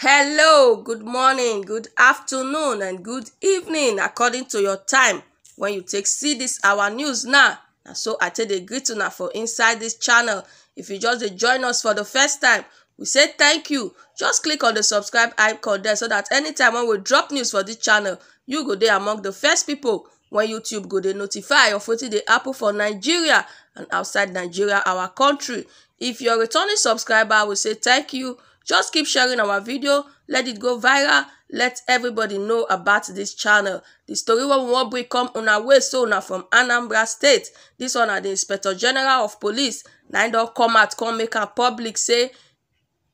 Hello, good morning, good afternoon, and good evening, according to your time. When you take see this our news now, so I take the greeting for inside this channel. If you just join us for the first time, we say thank you. Just click on the subscribe icon there so that anytime when we drop news for this channel, you go there among the first people when YouTube go they notify of what the apple for Nigeria and outside Nigeria, our country. If you're a returning subscriber, we say thank you. Just keep sharing our video, let it go viral, let everybody know about this channel. The story of one boy come on our way so now from Anambra State. this one na the Inspector General of Police na im don come out come make a public say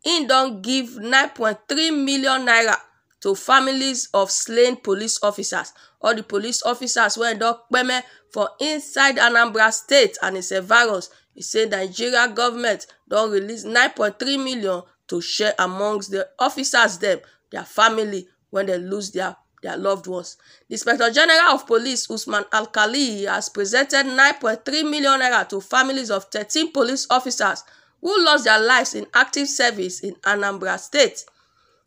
do don give 9.3 million naira to families of slain police officers. All the police officers wey don kpeme for inside Anambra State and its virus E say Nigeria government don't release 9.3 million to share amongst the officers dem, their family when dem lose their their loved ones. The Inspector General of Police Usman Alkali has presented 9.3 million naira to families of 13 police officers who lost their lives in active service in Anambra State.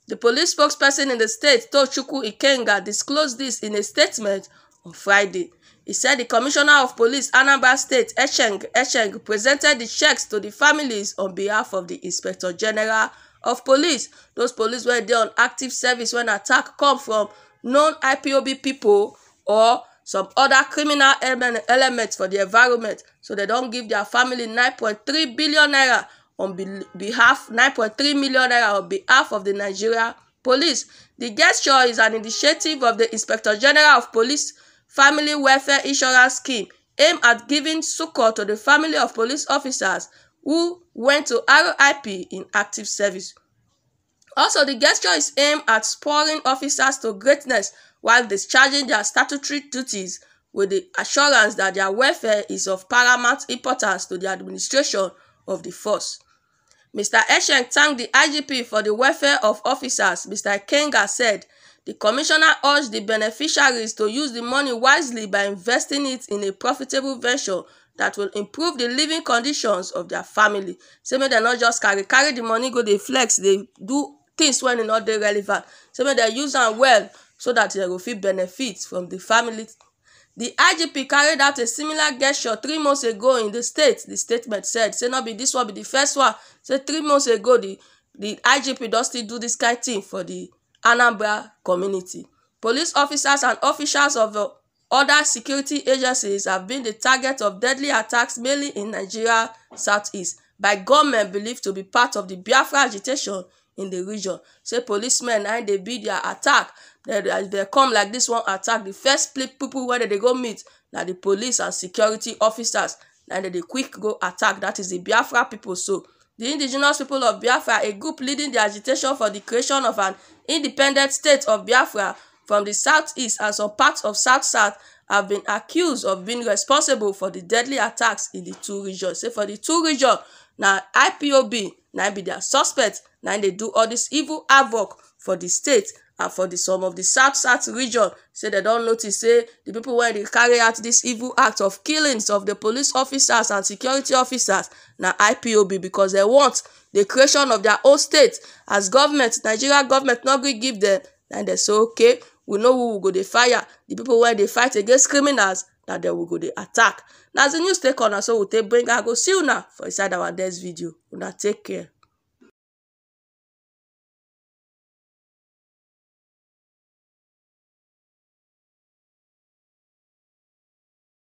The police spokesperson in the state, Tochukwu Ikenga, disclosed this in a statement on Friday. He said the Commissioner of Police, Anambra State, Echeng, Echeng, presented the checks to the families on behalf of the Inspector General of Police. Those police were there on active service when attack come from non IPOB people or some other criminal elements for the environment. So they don't give their family 9.3 billion naira on behalf, 9.3 million naira on behalf of the Nigeria police. The gesture is an initiative of the Inspector General of Police Family Welfare Insurance Scheme aimed at giving succor to the family of police officers who went to RIP in active service. Also, the gesture is aimed at spurring officers to greatness while discharging their statutory duties with the assurance that their welfare is of paramount importance to the administration of the force. Mr. Esheng thanked the IGP for the welfare of officers. Mr. Kenga said The commissioner urged the beneficiaries to use the money wisely by investing it in a profitable venture that will improve the living conditions of their family. Say make dem not just carry carry the money go they flex they do things wey e no dey relevant. Say make dem use them well so that they will feel benefits from the family. The IGP carried out a similar gesture three months ago in the state, the statement said. Say not be this one be the first one. Say three months ago the the IGP don still do this kind thing for the Anambra community. Police officers and officials of other security agencies have been the target of deadly attacks mainly in Nigeria's southeast by gunmen believed to be part of the Biafra agitation in the region. Say policemen and they be their attack. They, they, they come like this one attack. The first people wey they go meet na the police and security officers na they quick go attack. That is the Biafra people so the indigenous people of Biafra, a group leading the agitation for the creation of an independent state of Biafra from the southeast and some parts of south-south have been accused of being responsible for the deadly attacks in the two regions. Say for the two regions, na ipob na be their suspect na im dey do all this evil havoc for the state and for the some of the south south region say dem don notice say the people wey dey carry out this evil act of killings of the police officers and security officers na ipob because they want the creation of their own state as government nigeria government no gree give them. na they say okay we know who we go dey fire The people wey dey fight against criminals na dem we go dey attack and as di news take on so we take bring i go see una for inside our next video una take care.